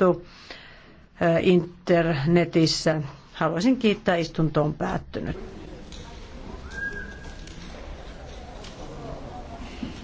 jaettu internetissä. Haluaisin kiittää, istunto on päättynyt.